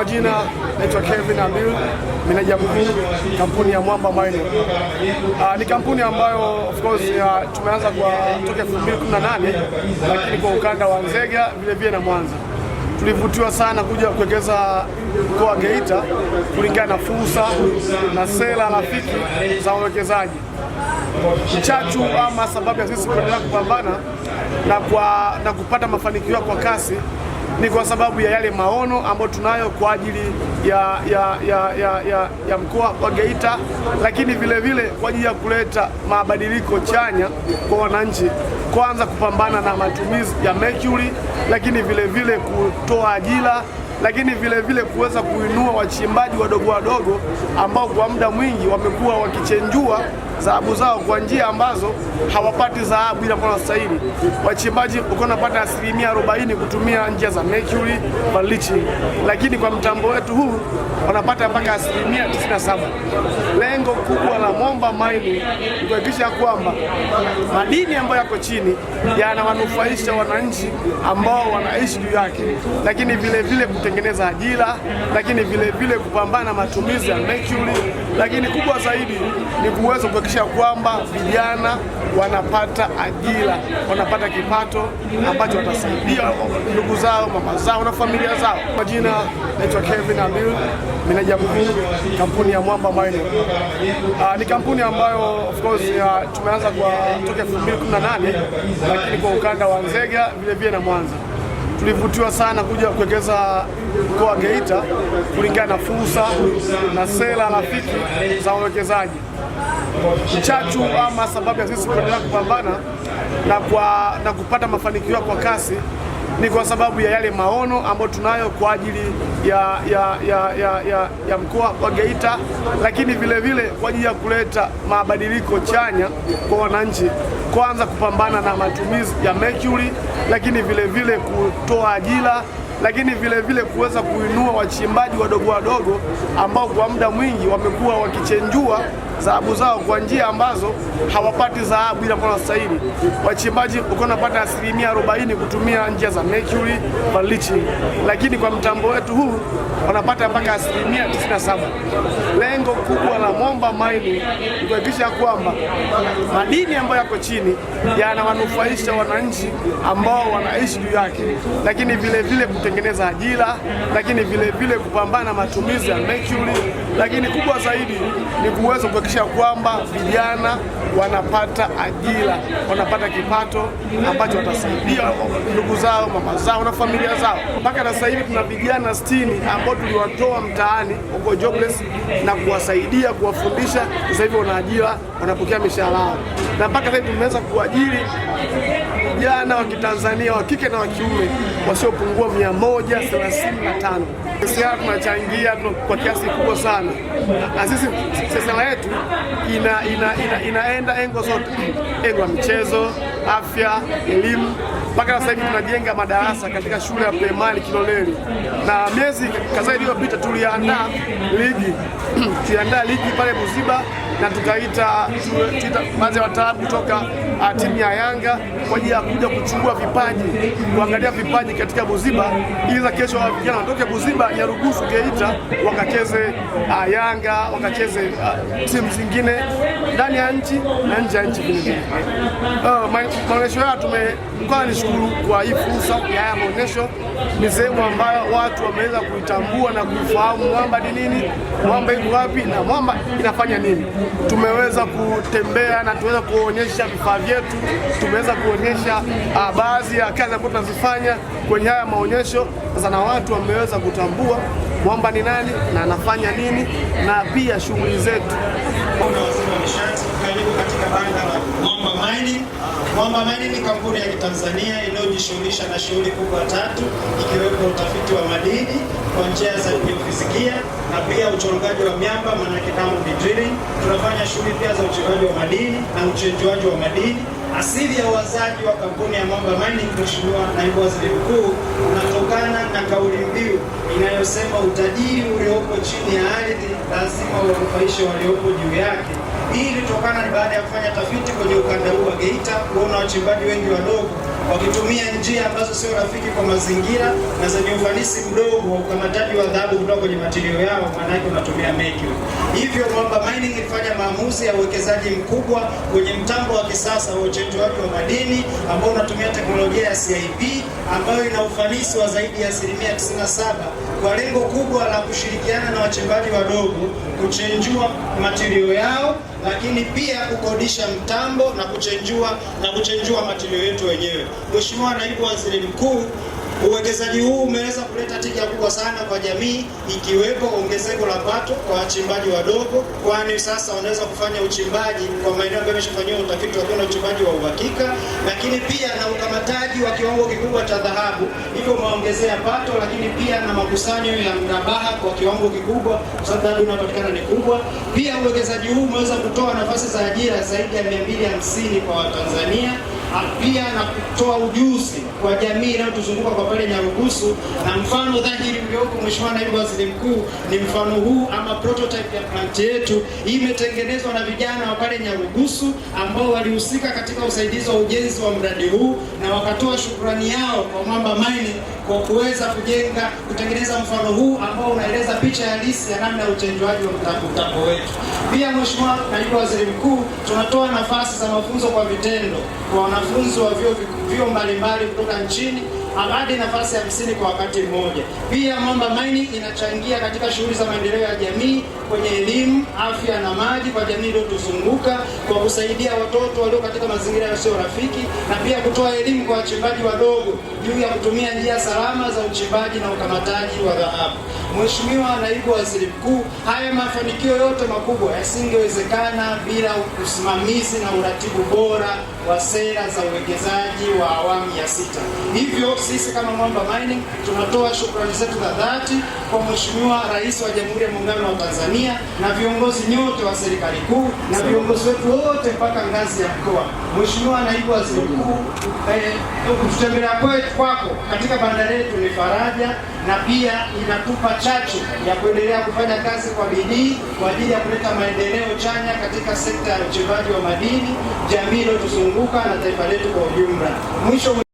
Kwa jina naitwa Kelvin Abil, meneja mkuu kampuni ya Mwamba Mining. Uh, ni kampuni ambayo of course uh, tumeanza kwa toka 2018 lakini kwa ukanda wa Nzega vile vile na Mwanza. Tulivutiwa sana kuja kuwekeza mkoa wa Geita kulingana na fursa na sera rafiki za wawekezaji. Chachu ama sababu ya sisi kuendelea kupambana na, kwa, na kupata mafanikio kwa kasi ni kwa sababu ya yale maono ambayo tunayo kwa ajili ya, ya, ya, ya, ya, ya mkoa wa Geita, lakini vile vile kwa ajili ya kuleta mabadiliko chanya kwa wananchi, kwanza kupambana na matumizi ya mercury, lakini vile vile kutoa ajira lakini vile vile kuweza kuinua wachimbaji wadogo wadogo ambao kwa muda mwingi wamekuwa wakichenjua dhahabu zao kwa njia ambazo hawapati dhahabu ile ambayo wanastahili. Wachimbaji uko napata asilimia 40 kutumia njia za mercury na leaching, lakini kwa mtambo wetu huu wanapata mpaka asilimia 97. Lengo kubwa la Momba Mining ni kuhakikisha kwamba madini ambayo yako chini yanawanufaisha wananchi ambao wanaishi juu yake, lakini vile vile kutengeneza ajira, lakini vile vile kupambana matumizi ya mercury, lakini kubwa zaidi ni kuweza kuhakikisha kwamba vijana wanapata ajira, wanapata kipato ambacho watasaidia ndugu zao, mama zao na familia zao. Kwa jina naitwa Kevin Abil, meneja mkuu kampuni ya Mwamba Mining. Uh, ni kampuni ambayo of course uh, tumeanza kwa toka 2018 lakini kwa ukanda wa Nzega vile vile na Mwanza tulivutiwa sana kuja kuwekeza mkoa wa Geita kulingana na fursa na sera rafiki za wawekezaji chachu ama sababu ya sisi kuendelea kupambana na, kwa, na kupata mafanikio kwa kasi ni kwa sababu ya yale maono ambayo tunayo kwa ajili ya, ya, ya, ya, ya, ya mkoa wa Geita, lakini vile vile kwa ajili ya kuleta mabadiliko chanya kwa wananchi, kwanza kupambana na matumizi ya mercury, lakini vile vile kutoa ajira lakini vile vile kuweza kuinua wachimbaji wadogo wadogo ambao kwa muda mwingi wamekuwa wakichenjua dhahabu zao kwa njia ambazo hawapati dhahabu ile ambayo wanastahili. Wachimbaji uko wanapata asilimia 40 kutumia njia za mercury kwa leaching, lakini kwa mtambo wetu huu wanapata mpaka asilimia 97. Lengo kubwa la Momba Mining ni kuhakikisha kwamba madini ambayo yako chini yanawanufaisha wananchi ambao wanaishi juu yake, lakini vilevile kutengeneza ajira, lakini vilevile kupambana matumizi ya mercury lakini kubwa zaidi ni kuweza kuhakikisha kwamba vijana wanapata ajira, wanapata kipato ambacho watasaidia ndugu zao, mama zao na familia zao. Mpaka na sasa hivi tuna vijana sitini ambao tuliwatoa mtaani huko jobless na kuwasaidia kuwafundisha, sasa hivi wana ajira, wanapokea mishahara yao, na mpaka sasa hivi tumeweza kuajiri vijana wa Kitanzania wa kike na wa kiume wasiopungua 135. Siasa tunachangia kwa kiasi kubwa sana, na sisi siasa yetu ina, ina, ina, inaenda engo zote, engo ya michezo, afya, elimu mpaka sasa hivi tunajenga madarasa katika shule ya primary Kiloleli, na miezi kadhaa iliyopita tuliandaa ligi tuliandaa ligi pale muziba na tukaita baadhi ya wataalamu kutoka uh, timu ya Yanga kwa ajili ya kuja kuchukua vipaji, kuangalia vipaji katika Buziba ili za kesho vijana watoke Buziba ya ruhusu Geita wakacheze uh, Yanga wakacheze uh, timu zingine ndani ya nchi na nje ya nchi vilevile. Uh, maonyesho haya tumekuwa nishukuru kwa hii fursa ya haya maonyesho ni sehemu ambayo watu wameweza kuitambua na kuifahamu Mwamba ni nini, Mwamba iko wapi na Mwamba inafanya nini. Tumeweza kutembea na tumeweza kuonyesha vifaa vyetu, tumeweza kuonyesha uh, baadhi ya kazi ambazo tunazifanya kwenye haya maonyesho. Sasa na watu wameweza kutambua Mwamba ni nani na anafanya nini na pia shughuli zetu. Karibu katika banda Mwamba Mining. Mwamba Mining ni kampuni ya Kitanzania inayojishughulisha na shughuli kubwa tatu ikiwepo utafiti wa madini kwa njia za biofizikia na pia uchorongaji wa miamba maanake diamond drilling. Tunafanya shughuli pia za uchongaji wa madini na uchenjuaji wa madini. Asili ya uwazaji wa kampuni ya Mwamba Mining, Mheshimiwa Naibu Waziri Mkuu, unatokana na kauli mbiu inayosema utajiri uliopo chini ya ardhi lazima uwanufaishe waliopo juu yake. Hii ilitokana ni baada ya kufanya tafiti kwenye ukanda huu wa Geita kuona wachimbaji wengi wadogo wakitumia njia ambazo sio rafiki kwa mazingira na zenye ufanisi mdogo wa ukamataji wa dhahabu kutoka kwenye matirio yao, maanake unatumia mercury. Hivyo Mwamba Mining ilifanya maamuzi ya uwekezaji mkubwa kwenye mtambo wa kisasa wa uchenjuaji wa madini ambao unatumia teknolojia ya CIP ambayo ina ufanisi wa zaidi ya asilimia 97 kwa lengo kubwa la kushirikiana na wachimbaji wadogo kuchenjua matirio yao lakini pia kukodisha mtambo na kuchenjua na kuchenjua matilio yetu wenyewe. Mheshimiwa Naibu Waziri Mkuu Uwekezaji huu umeweza kuleta tija kubwa sana kwa jamii, ikiwepo ongezeko la pato kwa wachimbaji wadogo, kwani sasa wanaweza kufanya uchimbaji kwa maeneo ambayo yameshafanyiwa utafiti wakiwa na uchimbaji wa uhakika, lakini pia na ukamataji wa kiwango kikubwa cha dhahabu, hivyo umeongezea pato, lakini pia na makusanyo ya mrabaha kwa kiwango kikubwa, kwa sababu dhahabu inapatikana ni kubwa. Pia uwekezaji huu umeweza kutoa nafasi za ajira zaidi ya 250 kwa Watanzania, pia na kutoa ujuzi kwa jamii inayotuzunguka kwa pale Nyarugusu, na mfano dhahiri uliopo, Mheshimiwa Naibu Waziri Mkuu, ni mfano huu ama prototype ya plant yetu. Hii imetengenezwa na vijana wa pale Nyarugusu ambao walihusika katika usaidizi wa ujenzi wa mradi huu na wakatoa shukrani yao kwa Mwamba Mining kwa kuweza kujenga kutengeneza mfano huu ambao unaeleza picha halisi ya namna ya uchenjwaji wa mtambo wetu. Pia Mheshimiwa Naibu Waziri Mkuu, tunatoa nafasi za mafunzo kwa vitendo kwa wanafunzi wa vyuo mbalimbali kutoka nchini hadi nafasi hamsini kwa wakati mmoja. Pia Mwamba Mining inachangia katika shughuli za maendeleo ya jamii kwenye elimu, afya na maji kwa jamii iliyotuzunguka kwa kusaidia watoto walio katika mazingira yasiyo rafiki na pia kutoa elimu kwa wachimbaji wadogo juu ya kutumia njia salama za uchimbaji na ukamataji wa dhahabu. Mheshimiwa Naibu Waziri Mkuu, haya mafanikio yote makubwa yasingewezekana bila usimamizi na uratibu bora wa sera za uwekezaji wa awamu ya sita. Hivyo sisi kama Mwamba Mining tunatoa shukrani zetu za dhati kwa Mheshimiwa Rais wa Jamhuri ya Muungano wa Tanzania na viongozi nyote wa serikali kuu na viongozi wetu wote mpaka ngazi ya mkoa. Mheshimiwa Naibu Waziri Mkuu, kututembelea eh, kwetu kwako katika bandari yetu ni faraja na pia inatupa chachu ya kuendelea kufanya kazi kwa bidii kwa ajili ya kuleta maendeleo chanya katika sekta ya uchimbaji wa madini, jamii iliyotuzunguka na taifa letu kwa ujumla. Mwisho